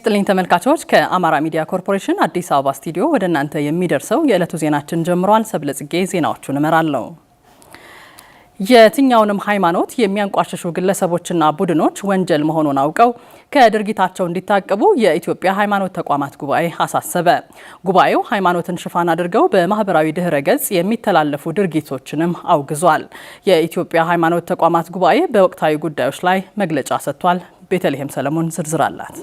ይስጥልኝ ተመልካቾች፣ ከአማራ ሚዲያ ኮርፖሬሽን አዲስ አበባ ስቱዲዮ ወደ እናንተ የሚደርሰው የዕለቱ ዜናችን ጀምሯል። ሰብለጽጌ ዜናዎቹን እመራለሁ። የትኛውንም ሃይማኖት የሚያንቋሽሹ ግለሰቦችና ቡድኖች ወንጀል መሆኑን አውቀው ከድርጊታቸው እንዲታቀቡ የኢትዮጵያ ሃይማኖት ተቋማት ጉባኤ አሳሰበ። ጉባኤው ሃይማኖትን ሽፋን አድርገው በማህበራዊ ድህረ ገጽ የሚተላለፉ ድርጊቶችንም አውግዟል። የኢትዮጵያ ሃይማኖት ተቋማት ጉባኤ በወቅታዊ ጉዳዮች ላይ መግለጫ ሰጥቷል። ቤተልሔም ሰለሞን ዝርዝር አላት።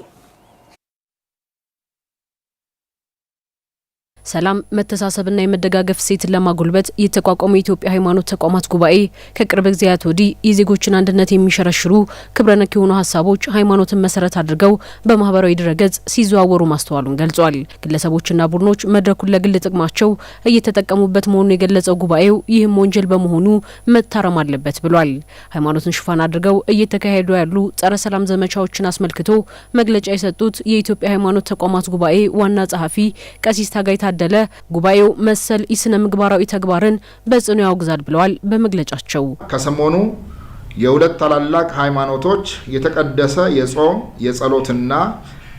ሰላም መተሳሰብና የመደጋገፍ ሴትን ለማጉልበት የተቋቋሙ የኢትዮጵያ ሃይማኖት ተቋማት ጉባኤ ከቅርብ ጊዜያት ወዲህ የዜጎችን አንድነት የሚሸረሽሩ ክብረነክ የሆኑ ሀሳቦች ሃይማኖትን መሰረት አድርገው በማህበራዊ ድረገጽ ሲዘዋወሩ ማስተዋሉን ገልጿል። ግለሰቦችና ቡድኖች መድረኩን ለግል ጥቅማቸው እየተጠቀሙበት መሆኑን የገለጸው ጉባኤው ይህም ወንጀል በመሆኑ መታረም አለበት ብሏል። ሃይማኖትን ሽፋን አድርገው እየተካሄዱ ያሉ ጸረ ሰላም ዘመቻዎችን አስመልክቶ መግለጫ የሰጡት የኢትዮጵያ ሃይማኖት ተቋማት ጉባኤ ዋና ጸሐፊ ቀሲስ ታጋይ ታደለ ጉባኤው መሰል ኢስነ ምግባራዊ ተግባርን በጽኑ ያወግዛል ብለዋል። በመግለጫቸው ከሰሞኑ የሁለት ታላላቅ ሃይማኖቶች የተቀደሰ የጾም የጸሎትና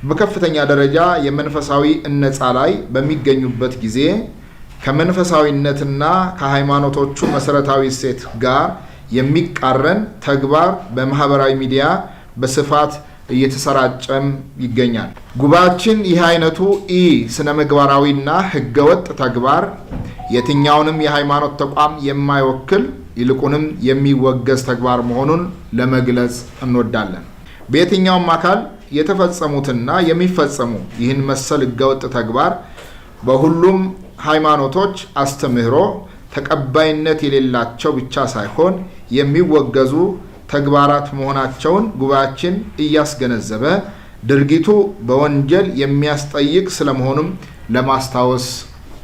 በከፍተኛ ደረጃ የመንፈሳዊ እነጻ ላይ በሚገኙበት ጊዜ ከመንፈሳዊነትና ከሃይማኖቶቹ መሰረታዊ እሴት ጋር የሚቃረን ተግባር በማህበራዊ ሚዲያ በስፋት እየተሰራጨም ይገኛል። ጉባኤያችን ይህ አይነቱ ኢ ስነ ምግባራዊና ህገወጥ ተግባር የትኛውንም የሃይማኖት ተቋም የማይወክል ይልቁንም የሚወገዝ ተግባር መሆኑን ለመግለጽ እንወዳለን። በየትኛውም አካል የተፈጸሙትና የሚፈጸሙ ይህን መሰል ህገወጥ ተግባር በሁሉም ሃይማኖቶች አስተምህሮ ተቀባይነት የሌላቸው ብቻ ሳይሆን የሚወገዙ ተግባራት መሆናቸውን ጉባኤያችን እያስገነዘበ ድርጊቱ በወንጀል የሚያስጠይቅ ስለመሆኑም ለማስታወስ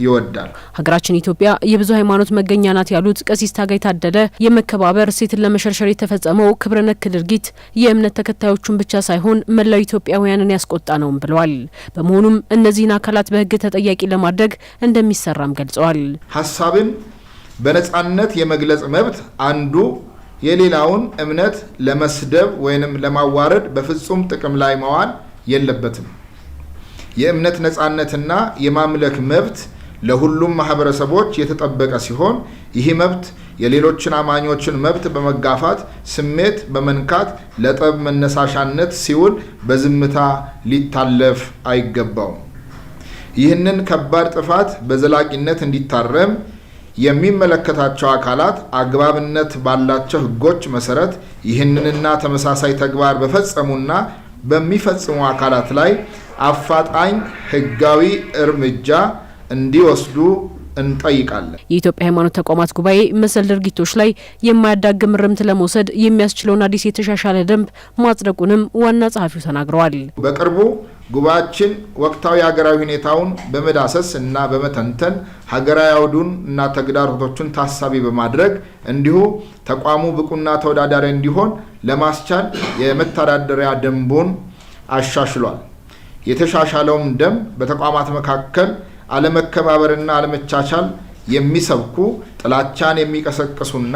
ይወዳል። ሀገራችን ኢትዮጵያ የብዙ ሃይማኖት መገኛ ናት ያሉት ቀሲስ ታጋይ ታደለ የመከባበር ሴትን ለመሸርሸር የተፈጸመው ክብረ ነክ ድርጊት የእምነት ተከታዮቹን ብቻ ሳይሆን መላው ኢትዮጵያውያንን ያስቆጣ ነውም ብለዋል። በመሆኑም እነዚህን አካላት በሕግ ተጠያቂ ለማድረግ እንደሚሰራም ገልጸዋል። ሀሳብን በነጻነት የመግለጽ መብት አንዱ የሌላውን እምነት ለመስደብ ወይንም ለማዋረድ በፍጹም ጥቅም ላይ መዋል የለበትም። የእምነት ነፃነትና የማምለክ መብት ለሁሉም ማህበረሰቦች የተጠበቀ ሲሆን ይህ መብት የሌሎችን አማኞችን መብት በመጋፋት ስሜት በመንካት ለጠብ መነሳሻነት ሲውል በዝምታ ሊታለፍ አይገባውም። ይህንን ከባድ ጥፋት በዘላቂነት እንዲታረም የሚመለከታቸው አካላት አግባብነት ባላቸው ህጎች መሰረት ይህንንና ተመሳሳይ ተግባር በፈጸሙና በሚፈጽሙ አካላት ላይ አፋጣኝ ህጋዊ እርምጃ እንዲወስዱ እንጠይቃለን። የኢትዮጵያ ሃይማኖት ተቋማት ጉባኤ መሰል ድርጊቶች ላይ የማያዳግም እርምት ለመውሰድ የሚያስችለውን አዲስ የተሻሻለ ደንብ ማጽደቁንም ዋና ጸሐፊው ተናግረዋል። በቅርቡ ጉባኤያችን ወቅታዊ ሀገራዊ ሁኔታውን በመዳሰስ እና በመተንተን ሀገራዊ አውዱን እና ተግዳሮቶቹን ታሳቢ በማድረግ እንዲሁ ተቋሙ ብቁና ተወዳዳሪ እንዲሆን ለማስቻል የመተዳደሪያ ደንቡን አሻሽሏል። የተሻሻለውም ደንብ በተቋማት መካከል አለመከባበርና አለመቻቻል የሚሰብኩ ጥላቻን የሚቀሰቅሱና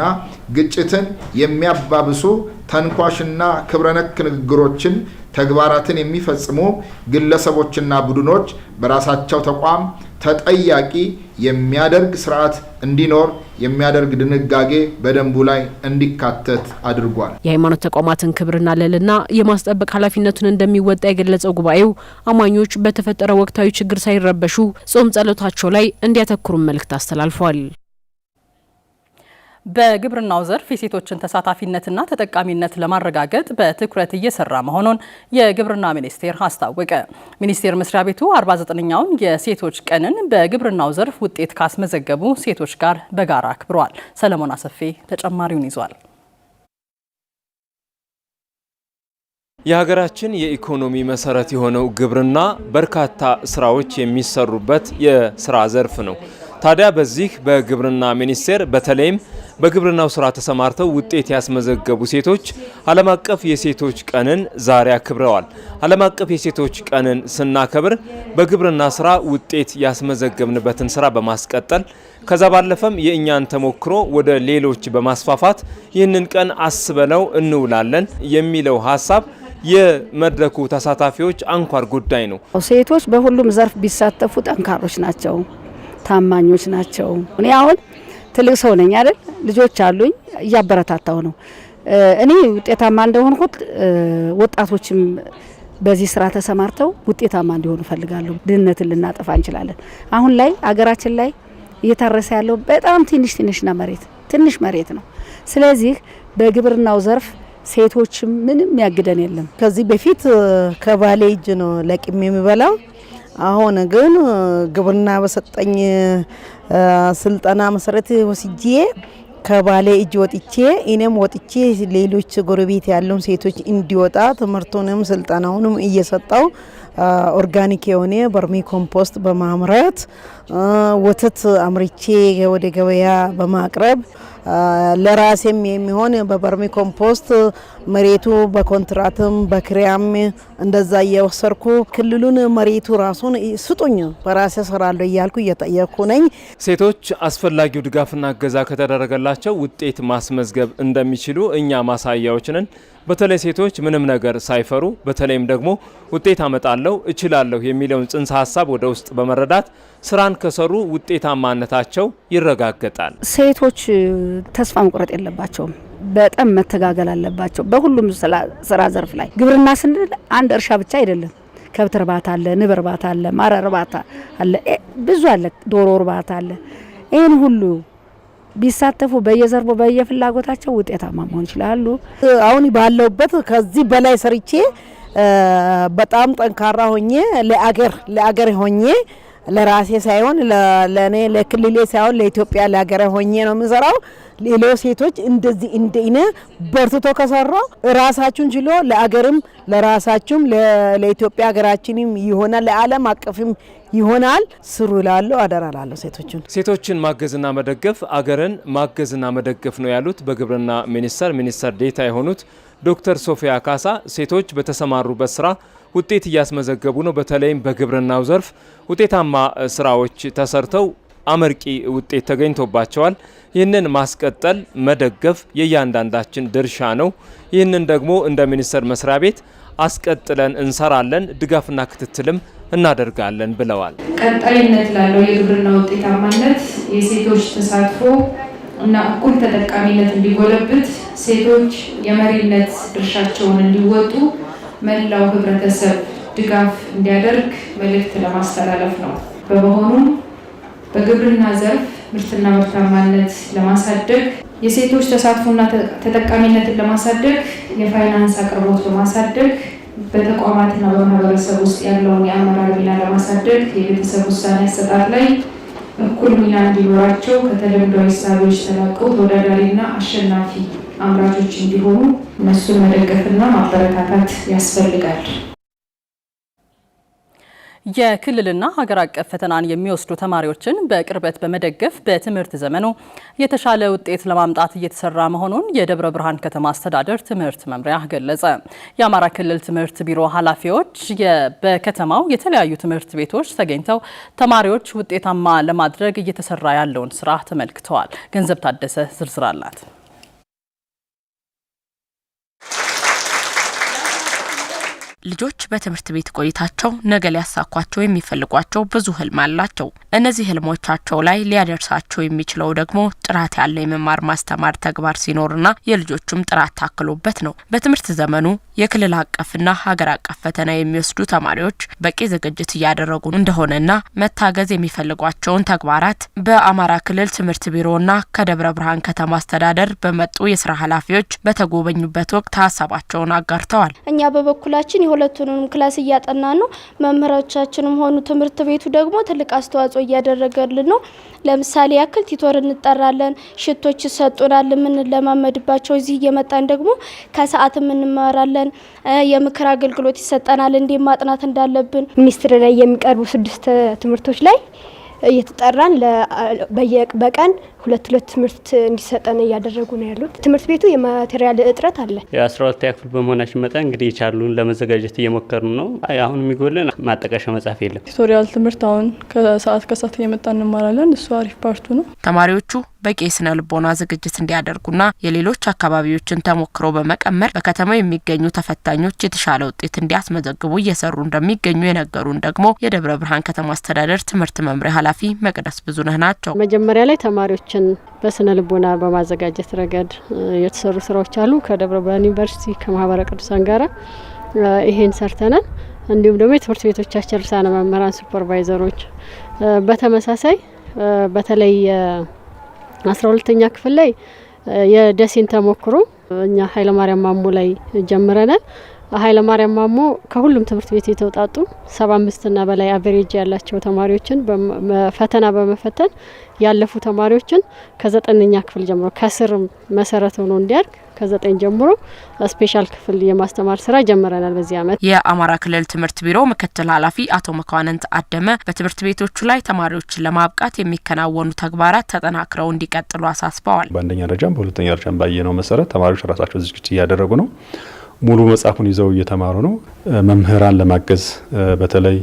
ግጭትን የሚያባብሱ ተንኳሽና ክብረነክ ንግግሮችን፣ ተግባራትን የሚፈጽሙ ግለሰቦችና ቡድኖች በራሳቸው ተቋም ተጠያቂ የሚያደርግ ስርዓት እንዲኖር የሚያደርግ ድንጋጌ በደንቡ ላይ እንዲካተት አድርጓል። የሃይማኖት ተቋማትን ክብርና ልዕልና የማስጠበቅ ኃላፊነቱን እንደሚወጣ የገለጸው ጉባኤው አማኞች በተፈጠረ ወቅታዊ ችግር ሳይረበሹ ጾም ጸሎታቸው ላይ እንዲያተኩሩን መልእክት አስተላልፏል። በግብርናው ዘርፍ የሴቶችን ተሳታፊነትና ተጠቃሚነት ለማረጋገጥ በትኩረት እየሰራ መሆኑን የግብርና ሚኒስቴር አስታወቀ። ሚኒስቴር መስሪያ ቤቱ 49ኛውን የሴቶች ቀንን በግብርናው ዘርፍ ውጤት ካስመዘገቡ ሴቶች ጋር በጋራ አክብሯል ሰለሞን አሰፌ ተጨማሪውን ይዟል። የሀገራችን የኢኮኖሚ መሰረት የሆነው ግብርና በርካታ ስራዎች የሚሰሩበት የስራ ዘርፍ ነው። ታዲያ በዚህ በግብርና ሚኒስቴር በተለይም በግብርናው ስራ ተሰማርተው ውጤት ያስመዘገቡ ሴቶች ዓለም አቀፍ የሴቶች ቀንን ዛሬ አክብረዋል። ዓለም አቀፍ የሴቶች ቀንን ስናከብር በግብርና ስራ ውጤት ያስመዘገብንበትን ስራ በማስቀጠል ከዛ ባለፈም የእኛን ተሞክሮ ወደ ሌሎች በማስፋፋት ይህንን ቀን አስበነው እንውላለን የሚለው ሀሳብ የመድረኩ ተሳታፊዎች አንኳር ጉዳይ ነው። ሴቶች በሁሉም ዘርፍ ቢሳተፉ ጠንካሮች ናቸው፣ ታማኞች ናቸው። እኔ አሁን ትልቅ ሰው ነኝ አይደል? ልጆች አሉኝ። እያበረታታው ነው። እኔ ውጤታማ እንደሆንኩት ወጣቶችም በዚህ ስራ ተሰማርተው ውጤታማ እንዲሆኑ እፈልጋለሁ። ድህነትን ልናጠፋ እንችላለን። አሁን ላይ አገራችን ላይ እየታረሰ ያለው በጣም ትንሽ ትንሽና መሬት ትንሽ መሬት ነው። ስለዚህ በግብርናው ዘርፍ ሴቶችም ምንም ያግደን የለም። ከዚህ በፊት ከባሌ እጅ ነው ለቅም የሚበላው አሁን ግን ግብርና በሰጠኝ ስልጠና መሰረት ወስጄ ከባሌ እጅ ወጥቼ እኔም ወጥቼ ሌሎች ጎረቤት ያለውን ሴቶች እንዲወጣ ትምህርቱንም ስልጠናውንም እየሰጠው ኦርጋኒክ የሆነ በርሚ ኮምፖስት በማምረት ወተት አምርቼ ወደ ገበያ በማቅረብ ለራሴም የሚሆን በበርሚ ኮምፖስት መሬቱ በኮንትራትም በክሪያም እንደዛ እየወሰርኩ ክልሉን መሬቱ ራሱን ስጡኝ በራሴ ሰራለሁ እያልኩ እየጠየቅኩ ነኝ። ሴቶች አስፈላጊው ድጋፍና እገዛ ከተደረገላቸው ውጤት ማስመዝገብ እንደሚችሉ እኛ ማሳያዎች ነን። በተለይ ሴቶች ምንም ነገር ሳይፈሩ በተለይም ደግሞ ውጤት አመጣለሁ እችላለሁ የሚለውን ጽንሰ ሀሳብ ወደ ውስጥ በመረዳት ስራን ከሰሩ ውጤታማነታቸው ይረጋገጣል። ሴቶች ተስፋ መቁረጥ የለባቸውም። በጣም መተጋገል አለባቸው። በሁሉም ስራ ዘርፍ ላይ ግብርና ስንል አንድ እርሻ ብቻ አይደለም። ከብት እርባታ አለ፣ ንብ እርባታ አለ፣ ማር እርባታ አለ፣ ብዙ አለ፣ ዶሮ እርባታ አለ። ይህን ሁሉ ቢሳተፉ በየዘርፉ በየፍላጎታቸው ውጤታማ መሆን ይችላሉ። አሁን ባለውበት ከዚህ በላይ ሰርቼ በጣም ጠንካራ ሆኜ ለአገር ለአገር ሆኜ ለራሴ ሳይሆን ለእኔ ለክልሌ ሳይሆን ለኢትዮጵያ ለሀገር ሆኜ ነው የምንሰራው። ሌሎች ሴቶች እንደዚህ እንደ በርትቶ ከሰሩ ራሳችሁን ችሎ ለአገርም ለራሳችሁም ለኢትዮጵያ ሀገራችንም ይሆናል፣ ለዓለም አቀፍም ይሆናል። ስሩ እላለሁ፣ አደራ እላለሁ። ሴቶችን ሴቶችን ማገዝና መደገፍ አገርን ማገዝና መደገፍ ነው ያሉት በግብርና ሚኒስቴር ሚኒስትር ዴታ የሆኑት ዶክተር ሶፊያ ካሳ ሴቶች በተሰማሩበት ስራ ውጤት እያስመዘገቡ ነው። በተለይም በግብርናው ዘርፍ ውጤታማ ስራዎች ተሰርተው አመርቂ ውጤት ተገኝቶባቸዋል። ይህንን ማስቀጠል መደገፍ የእያንዳንዳችን ድርሻ ነው። ይህንን ደግሞ እንደ ሚኒስቴር መስሪያ ቤት አስቀጥለን እንሰራለን፣ ድጋፍና ክትትልም እናደርጋለን ብለዋል። ቀጣይነት ላለው የግብርና ውጤታማነት የሴቶች ተሳትፎ እና እኩል ተጠቃሚነት እንዲጎለብት ሴቶች የመሪነት ድርሻቸውን እንዲወጡ መላው ህብረተሰብ ድጋፍ እንዲያደርግ መልእክት ለማስተላለፍ ነው። በመሆኑም በግብርና ዘርፍ ምርትና ምርታማነት ለማሳደግ የሴቶች ተሳትፎና ተጠቃሚነትን ለማሳደግ የፋይናንስ አቅርቦት በማሳደግ በተቋማትና በማህበረሰብ ውስጥ ያለውን የአመራር ሚና ለማሳደግ የቤተሰብ ውሳኔ አሰጣጥ ላይ እኩል ሚና እንዲኖራቸው ከተለምዷዊ ሳቢዎች ተላቀው ተወዳዳሪና አሸናፊ አምራቾች እንዲሆኑ እነሱን መደገፍና ማበረታታት ያስፈልጋል። የክልልና ሀገር አቀፍ ፈተናን የሚወስዱ ተማሪዎችን በቅርበት በመደገፍ በትምህርት ዘመኑ የተሻለ ውጤት ለማምጣት እየተሰራ መሆኑን የደብረ ብርሃን ከተማ አስተዳደር ትምህርት መምሪያ ገለጸ። የአማራ ክልል ትምህርት ቢሮ ኃላፊዎች በከተማው የተለያዩ ትምህርት ቤቶች ተገኝተው ተማሪዎች ውጤታማ ለማድረግ እየተሰራ ያለውን ስራ ተመልክተዋል። ገንዘብ ታደሰ ዝርዝር አላት። ልጆች በትምህርት ቤት ቆይታቸው ነገ ሊያሳኳቸው የሚፈልጓቸው ብዙ ህልም አላቸው። እነዚህ ህልሞቻቸው ላይ ሊያደርሳቸው የሚችለው ደግሞ ጥራት ያለው የመማር ማስተማር ተግባር ሲኖርና የልጆቹም ጥራት ታክሎበት ነው። በትምህርት ዘመኑ የክልል አቀፍና ሀገር አቀፍ ፈተና የሚወስዱ ተማሪዎች በቂ ዝግጅት እያደረጉ እንደሆነና መታገዝ የሚፈልጓቸውን ተግባራት በአማራ ክልል ትምህርት ቢሮና ከደብረ ብርሃን ከተማ አስተዳደር በመጡ የስራ ኃላፊዎች በተጎበኙበት ወቅት ሀሳባቸውን አጋርተዋል። እኛ በበኩላችን ሁለቱንም ክላስ እያጠናን ነው። መምህራቻችንም ሆኑ ትምህርት ቤቱ ደግሞ ትልቅ አስተዋጽኦ እያደረገልን ነው። ለምሳሌ ያክል ቲቶር እንጠራለን፣ ሽቶች ይሰጡናል፣ የምንለማመድባቸው እዚህ እየመጣን ደግሞ ከሰዓት እንማራለን። የምክር አገልግሎት ይሰጠናል፣ እንዴ ማጥናት እንዳለብን ሚኒስትር ላይ የሚቀርቡ ስድስት ትምህርቶች ላይ እየተጠራን በቀን ሁለት ሁለት ትምህርት እንዲሰጠን እያደረጉ ነው ያሉት። ትምህርት ቤቱ የማቴሪያል እጥረት አለ። የአስራ ሁለተኛ ክፍል በመሆናችን መጠን እንግዲህ የቻሉን ለመዘጋጀት እየሞከሩ ነው። አሁን የሚጎልን ማጠቀሻ መጽሐፍ የለም። ቱቶሪያል ትምህርት አሁን ከሰዓት ከሰዓት እየመጣ እንማራለን። እሱ አሪፍ ፓርቱ ነው። ተማሪዎቹ በቂ የስነ ልቦና ዝግጅት እንዲያደርጉና የሌሎች አካባቢዎችን ተሞክሮ በመቀመር በከተማው የሚገኙ ተፈታኞች የተሻለ ውጤት እንዲያስመዘግቡ እየሰሩ እንደሚገኙ የነገሩን ደግሞ የደብረ ብርሃን ከተማ አስተዳደር ትምህርት መምሪያ ኃላፊ መቅደስ ብዙነህ ናቸው። መጀመሪያ ላይ ተማሪዎች ተማሪዎችን በስነ ልቦና በማዘጋጀት ረገድ የተሰሩ ስራዎች አሉ። ከደብረ ብርሃን ዩኒቨርሲቲ ከማህበረ ቅዱሳን ጋራ ይሄን ሰርተናል። እንዲሁም ደግሞ የትምህርት ቤቶቻችን ርዕሳነ መምህራን፣ ሱፐርቫይዘሮች በተመሳሳይ በተለይ አስራ ሁለተኛ ክፍል ላይ የደሴን ተሞክሮ እኛ ኃይለማርያም ማሞ ላይ ጀምረናል። ማርያም ማሞ ከሁሉም ትምህርት ቤት የተውጣጡ ሰባ አምስትና በላይ አቨሬጅ ያላቸው ተማሪዎችን ፈተና በመፈተን ያለፉ ተማሪዎችን ከዘጠነኛ ክፍል ጀምሮ ከስር መሰረት ሆኖ እንዲያርግ ከዘጠኝ ጀምሮ ስፔሻል ክፍል የማስተማር ስራ ጀምረናል በዚህ አመት። የአማራ ክልል ትምህርት ቢሮ ምክትል ኃላፊ አቶ መኳንንት አደመ በትምህርት ቤቶቹ ላይ ተማሪዎችን ለማብቃት የሚከናወኑ ተግባራት ተጠናክረው እንዲቀጥሉ አሳስበዋል። በአንደኛ ደረጃም በሁለተኛ ደረጃም ባየነው መሰረት ተማሪዎች ራሳቸው ዝግጅት እያደረጉ ነው። ሙሉ መጽሐፉን ይዘው እየተማሩ ነው። መምህራን ለማገዝ በተለይ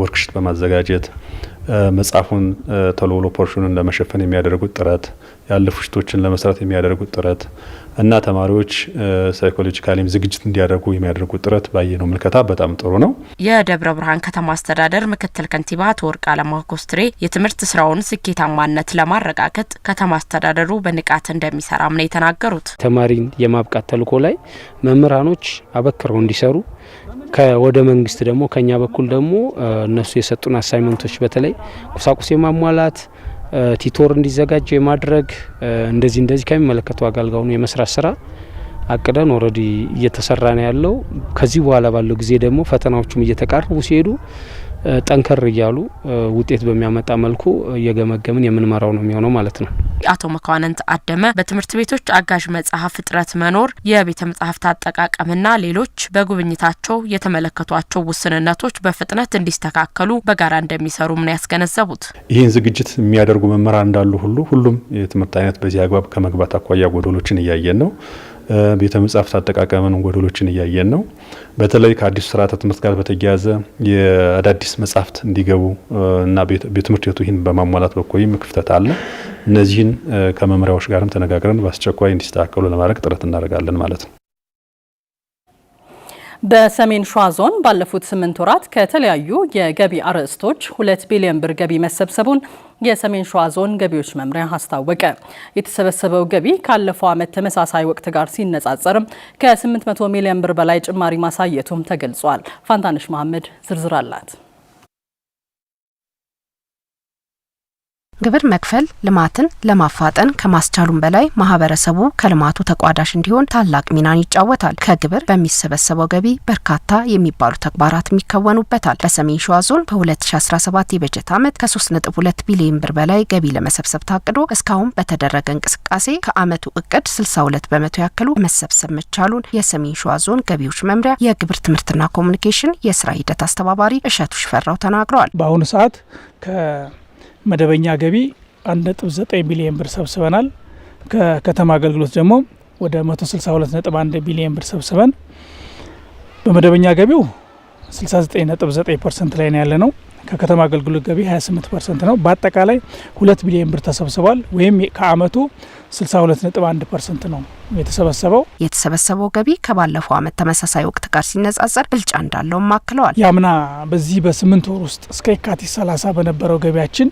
ወርክሽት በማዘጋጀት መጽሐፉን ተሎሎ ፖርሽኑን ለመሸፈን የሚያደርጉት ጥረት፣ ያለፉ ሽቶችን ለመስራት የሚያደርጉት ጥረት እና ተማሪዎች ሳይኮሎጂካሊም ዝግጅት እንዲያደርጉ የሚያደርጉ ጥረት ባየነው ምልከታ በጣም ጥሩ ነው። የደብረ ብርሃን ከተማ አስተዳደር ምክትል ከንቲባ አቶ አለማኮስትሬ የትምህርት ስራውን ስኬታማነት ለማረጋገጥ ከተማ አስተዳደሩ በንቃት እንደሚሰራም ነው የተናገሩት። ተማሪን የማብቃት ተልዕኮ ላይ መምህራኖች አበክረው እንዲሰሩ ከወደ መንግስት ደግሞ ከኛ በኩል ደግሞ እነሱ የሰጡን አሳይመንቶች በተለይ ቁሳቁስ የማሟላት ቲቶር እንዲዘጋጅ የማድረግ እንደዚህ እንደዚህ ከሚመለከተው አካል ጋር ሆኖ የመስራት ስራ አቅደን ኦልሬዲ እየተሰራ ነው ያለው። ከዚህ በኋላ ባለው ጊዜ ደግሞ ፈተናዎቹም እየተቃረቡ ሲሄዱ ጠንከር እያሉ ውጤት በሚያመጣ መልኩ እየገመገምን የምንመራው ነው የሚሆነው ማለት ነው። አቶ መኳንንት አደመ በትምህርት ቤቶች አጋዥ መጽሐፍ እጥረት መኖር፣ የቤተ መጽሐፍት አጠቃቀምና ሌሎች በጉብኝታቸው የተመለከቷቸው ውስንነቶች በፍጥነት እንዲስተካከሉ በጋራ እንደሚሰሩም ነው ያስገነዘቡት። ይህን ዝግጅት የሚያደርጉ መምህራን እንዳሉ ሁሉ ሁሉም የትምህርት አይነት በዚህ አግባብ ከመግባት አኳያ ጎደሎችን እያየን ነው። ቤተ መጻሕፍት አጠቃቀምን ጎደሎችን እያየን ነው። በተለይ ከአዲሱ ስርዓተ ትምህርት ጋር በተያያዘ የአዳዲስ መጻሕፍት እንዲገቡ እና በትምህርት ቤቱ ይህን በማሟላት በኩልም ክፍተት አለ። እነዚህን ከመምሪያዎች ጋርም ተነጋግረን በአስቸኳይ እንዲስተካከሉ ለማድረግ ጥረት እናደርጋለን ማለት ነው። በሰሜን ሸዋ ዞን ባለፉት ስምንት ወራት ከተለያዩ የገቢ አርዕስቶች ሁለት ቢሊዮን ብር ገቢ መሰብሰቡን የሰሜን ሸዋ ዞን ገቢዎች መምሪያ አስታወቀ። የተሰበሰበው ገቢ ካለፈው ዓመት ተመሳሳይ ወቅት ጋር ሲነጻጸርም ከ800 ሚሊዮን ብር በላይ ጭማሪ ማሳየቱም ተገልጿል። ፋንታነሽ መሐመድ ዝርዝር አላት። ግብር መክፈል ልማትን ለማፋጠን ከማስቻሉም በላይ ማህበረሰቡ ከልማቱ ተቋዳሽ እንዲሆን ታላቅ ሚናን ይጫወታል። ከግብር በሚሰበሰበው ገቢ በርካታ የሚባሉ ተግባራት የሚከወኑበታል። በሰሜን ሸዋ ዞን በ2017 የበጀት ዓመት ከ3.2 ቢሊዮን ብር በላይ ገቢ ለመሰብሰብ ታቅዶ እስካሁን በተደረገ እንቅስቃሴ ከዓመቱ እቅድ 62 በመቶ ያክሉ መሰብሰብ መቻሉን የሰሜን ሸዋ ዞን ገቢዎች መምሪያ የግብር ትምህርትና ኮሚኒኬሽን የስራ ሂደት አስተባባሪ እሸቱ ሽፈራው ተናግረዋል። በአሁኑ ሰዓት መደበኛ ገቢ 1.9 ቢሊዮን ብር ሰብስበናል። ከከተማ አገልግሎት ደግሞ ወደ 162.1 ቢሊዮን ብር ሰብስበን በመደበኛ ገቢው 69.9 ፐርሰንት ላይ ነው ያለ ነው። ከከተማ አገልግሎት ገቢ 28 ፐርሰንት ነው። በአጠቃላይ 2 ቢሊዮን ብር ተሰብስቧል። ወይም ከአመቱ 62.1 ፐርሰንት ነው የተሰበሰበው። የተሰበሰበው ገቢ ከባለፈው አመት ተመሳሳይ ወቅት ጋር ሲነጻጸር ብልጫ እንዳለውም አክለዋል። ያምና በዚህ በስምንት ወር ውስጥ እስከ የካቲት 30 በነበረው ገቢያችን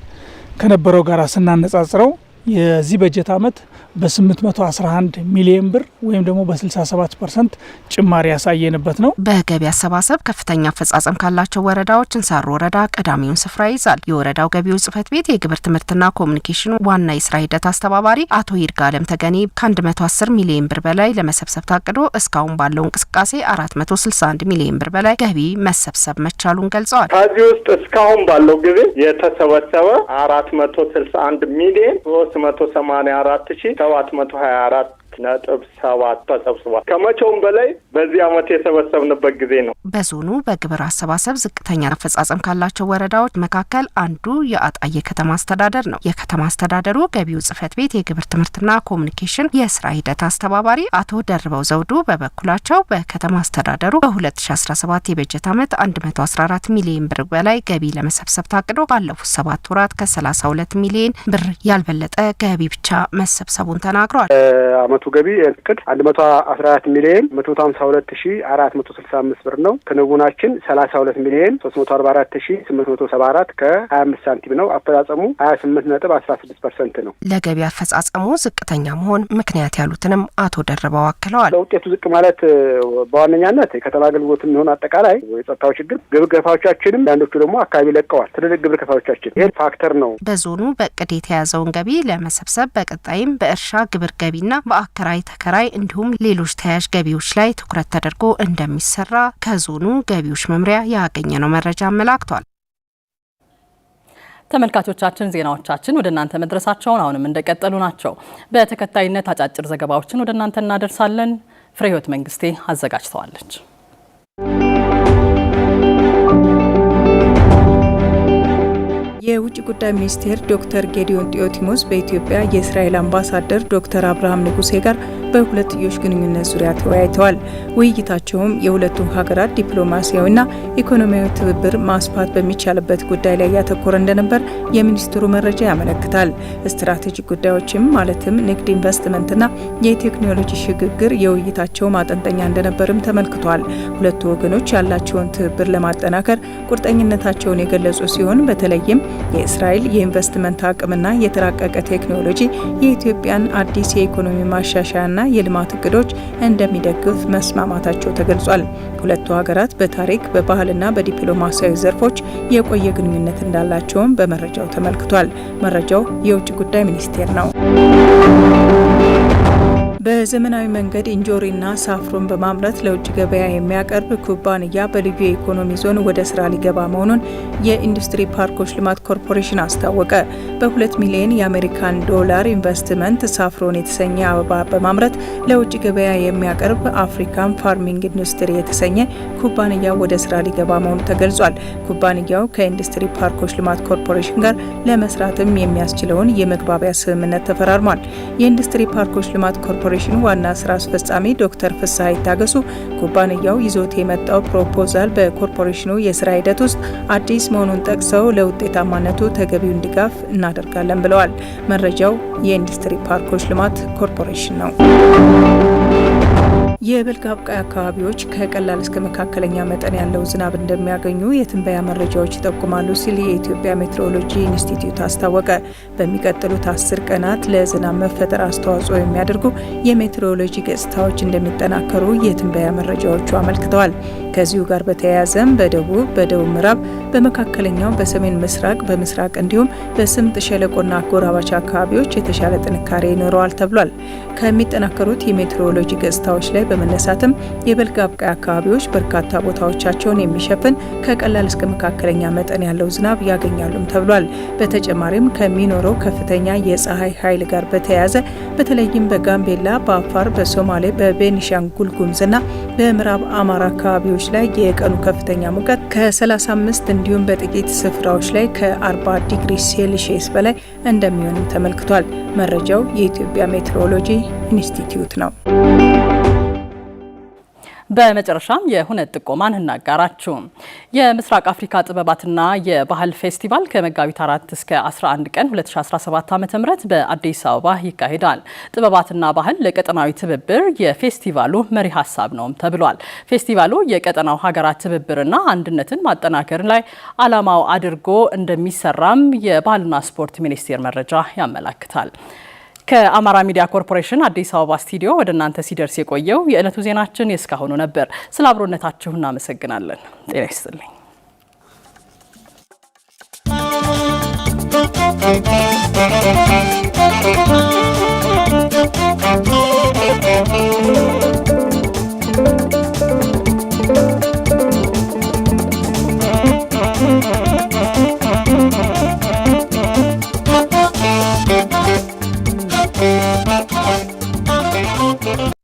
ከነበረው ጋር ስናነጻጽረው የዚህ በጀት አመት በ811 ሚሊዮን ብር ወይም ደግሞ በ67 ፐርሰንት ጭማሪ ያሳየንበት ነው። በገቢ አሰባሰብ ከፍተኛ አፈጻጸም ካላቸው ወረዳዎች እንሳሮ ወረዳ ቀዳሚውን ስፍራ ይዛል። የወረዳው ገቢው ጽሕፈት ቤት የግብር ትምህርትና ኮሚኒኬሽን ዋና የስራ ሂደት አስተባባሪ አቶ ይርጋለም ተገኔ ከ110 ሚሊዮን ብር በላይ ለመሰብሰብ ታቅዶ እስካሁን ባለው እንቅስቃሴ 461 ሚሊዮን ብር በላይ ገቢ መሰብሰብ መቻሉን ገልጸዋል። ከዚህ ውስጥ እስካሁን ባለው ጊዜ የተሰበሰበ 461 ሚሊዮን 384 ሰው አራት መቶ ሀያ አራት ነጥብ ሰባት ተሰብስቧል። ከመቼውም በላይ በዚህ አመት የሰበሰብንበት ጊዜ ነው። በዞኑ በግብር አሰባሰብ ዝቅተኛ አፈጻጸም ካላቸው ወረዳዎች መካከል አንዱ የአጣዬ ከተማ አስተዳደር ነው። የከተማ አስተዳደሩ ገቢው ጽህፈት ቤት የግብር ትምህርትና ኮሚኒኬሽን የስራ ሂደት አስተባባሪ አቶ ደርበው ዘውዱ በበኩላቸው በከተማ አስተዳደሩ በ2017 የበጀት ዓመት 114 ሚሊዮን ብር በላይ ገቢ ለመሰብሰብ ታቅዶ ባለፉት ሰባት ወራት ከ32 ሚሊዮን ብር ያልበለጠ ገቢ ብቻ መሰብሰቡን ተናግሯል። አመቱ የአመቱ ገቢ እቅድ አንድ መቶ አስራ አራት ሚሊየን መቶ ሀምሳ ሁለት ሺ አራት መቶ ስልሳ አምስት ብር ነው። ክንውናችን ሰላሳ ሁለት ሚሊየን ሶስት መቶ አርባ አራት ሺ ስምንት መቶ ሰባ አራት ከሀያ አምስት ሳንቲም ነው። አፈጻጸሙ ሀያ ስምንት ነጥብ አስራ ስድስት ፐርሰንት ነው። ለገቢ አፈጻጸሙ ዝቅተኛ መሆን ምክንያት ያሉትንም አቶ ደርበው አክለዋል። ለውጤቱ ዝቅ ማለት በዋነኛነት የከተማ አገልግሎት የሚሆን አጠቃላይ የጸጥታው ችግር ግብር ከፋዮቻችንም አንዳንዶቹ ደግሞ አካባቢ ለቀዋል። ትልልቅ ግብር ከፋዮቻችን ይህን ፋክተር ነው። በዞኑ በእቅድ የተያዘውን ገቢ ለመሰብሰብ በቀጣይም በእርሻ ግብር ገቢና በአ ከራይ ተከራይ እንዲሁም ሌሎች ተያያዥ ገቢዎች ላይ ትኩረት ተደርጎ እንደሚሰራ ከዞኑ ገቢዎች መምሪያ ያገኘነው መረጃ አመላክቷል። ተመልካቾቻችን ዜናዎቻችን ወደ እናንተ መድረሳቸውን አሁንም እንደቀጠሉ ናቸው። በተከታይነት አጫጭር ዘገባዎችን ወደ እናንተ እናደርሳለን። ፍሬህይወት መንግስቴ አዘጋጅተዋለች። የውጭ ጉዳይ ሚኒስቴር ዶክተር ጌዲዮን ጢሞቴዎስ በኢትዮጵያ የእስራኤል አምባሳደር ዶክተር አብርሃም ንጉሴ ጋር በሁለትዮሽ ግንኙነት ዙሪያ ተወያይተዋል። ውይይታቸውም የሁለቱ ሀገራት ዲፕሎማሲያዊና ኢኮኖሚያዊ ትብብር ማስፋት በሚቻልበት ጉዳይ ላይ ያተኮረ እንደነበር የሚኒስትሩ መረጃ ያመለክታል። ስትራቴጂ ጉዳዮችም ማለትም ንግድ፣ ኢንቨስትመንትና የቴክኖሎጂ ሽግግር የውይይታቸው ማጠንጠኛ እንደነበርም ተመልክቷል። ሁለቱ ወገኖች ያላቸውን ትብብር ለማጠናከር ቁርጠኝነታቸውን የገለጹ ሲሆን በተለይም የእስራኤል የኢንቨስትመንት አቅምና የተራቀቀ ቴክኖሎጂ የኢትዮጵያን አዲስ የኢኮኖሚ ማሻሻያና የልማት እቅዶች እንደሚደግፍ መስማማታቸው ተገልጿል። ሁለቱ ሀገራት በታሪክ በባህልና በዲፕሎማሲያዊ ዘርፎች የቆየ ግንኙነት እንዳላቸውም በመረጃው ተመልክቷል። መረጃው የውጭ ጉዳይ ሚኒስቴር ነው። በዘመናዊ መንገድ እንጆሪና ሳፍሮን በማምረት ለውጭ ገበያ የሚያቀርብ ኩባንያ በልዩ የኢኮኖሚ ዞን ወደ ስራ ሊገባ መሆኑን የኢንዱስትሪ ፓርኮች ልማት ኮርፖሬሽን አስታወቀ። በሁለት ሚሊዮን የአሜሪካን ዶላር ኢንቨስትመንት ሳፍሮን የተሰኘ አበባ በማምረት ለውጭ ገበያ የሚያቀርብ አፍሪካን ፋርሚንግ ኢንዱስትሪ የተሰኘ ኩባንያ ወደ ስራ ሊገባ መሆኑ ተገልጿል። ኩባንያው ከኢንዱስትሪ ፓርኮች ልማት ኮርፖሬሽን ጋር ለመስራትም የሚያስችለውን የመግባቢያ ስምምነት ተፈራርሟል። የኢንዱስትሪ ፓርኮች ልማት ኮርፖሬሽን ኮርፖሬሽን ዋና ስራ አስፈጻሚ ዶክተር ፍስሐ ይታገሱ ኩባንያው ይዞት የመጣው ፕሮፖዛል በኮርፖሬሽኑ የስራ ሂደት ውስጥ አዲስ መሆኑን ጠቅሰው ለውጤታማነቱ ተገቢውን ድጋፍ እናደርጋለን ብለዋል። መረጃው የኢንዱስትሪ ፓርኮች ልማት ኮርፖሬሽን ነው። የበልግ አብቃይ አካባቢዎች ከቀላል እስከ መካከለኛ መጠን ያለው ዝናብ እንደሚያገኙ የትንበያ መረጃዎች ይጠቁማሉ ሲል የኢትዮጵያ ሜትሮሎጂ ኢንስቲትዩት አስታወቀ። በሚቀጥሉት አስር ቀናት ለዝናብ መፈጠር አስተዋጽኦ የሚያደርጉ የሜትሮሎጂ ገጽታዎች እንደሚጠናከሩ የትንበያ መረጃዎቹ አመልክተዋል። ከዚሁ ጋር በተያያዘም በደቡብ፣ በደቡብ ምዕራብ፣ በመካከለኛው፣ በሰሜን ምስራቅ፣ በምስራቅ እንዲሁም በስምጥ ሸለቆና አጎራባች አካባቢዎች የተሻለ ጥንካሬ ይኖረዋል ተብሏል። ከሚጠናከሩት የሜትሮሎጂ ገጽታዎች ላይ በመነሳትም የበልግ አብቃይ አካባቢዎች በርካታ ቦታዎቻቸውን የሚሸፍን ከቀላል እስከ መካከለኛ መጠን ያለው ዝናብ ያገኛሉም ተብሏል። በተጨማሪም ከሚኖረው ከፍተኛ የፀሐይ ኃይል ጋር በተያያዘ በተለይም በጋምቤላ፣ በአፋር፣ በሶማሌ፣ በቤኒሻንጉል ጉሙዝና በምዕራብ አማራ አካባቢዎች ላይ የቀኑ ከፍተኛ ሙቀት ከ35 እንዲሁም በጥቂት ስፍራዎች ላይ ከ40 ዲግሪ ሴልሺየስ በላይ እንደሚሆንም ተመልክቷል። መረጃው የኢትዮጵያ ሜትሮሎጂ ኢንስቲትዩት ነው። በመጨረሻም የሁነት ጥቆማን እናጋራችሁ። የምስራቅ አፍሪካ ጥበባትና የባህል ፌስቲቫል ከመጋቢት 4 እስከ 11 ቀን 2017 ዓ ም በአዲስ አበባ ይካሄዳል። ጥበባትና ባህል ለቀጠናዊ ትብብር የፌስቲቫሉ መሪ ሀሳብ ነውም ተብሏል። ፌስቲቫሉ የቀጠናው ሀገራት ትብብርና አንድነትን ማጠናከር ላይ አላማው አድርጎ እንደሚሰራም የባህልና ስፖርት ሚኒስቴር መረጃ ያመላክታል። ከአማራ ሚዲያ ኮርፖሬሽን አዲስ አበባ ስቱዲዮ ወደ እናንተ ሲደርስ የቆየው የዕለቱ ዜናችን የእስካሁኑ ነበር። ስለ አብሮነታችሁ እናመሰግናለን። ጤና ይስጥልኝ።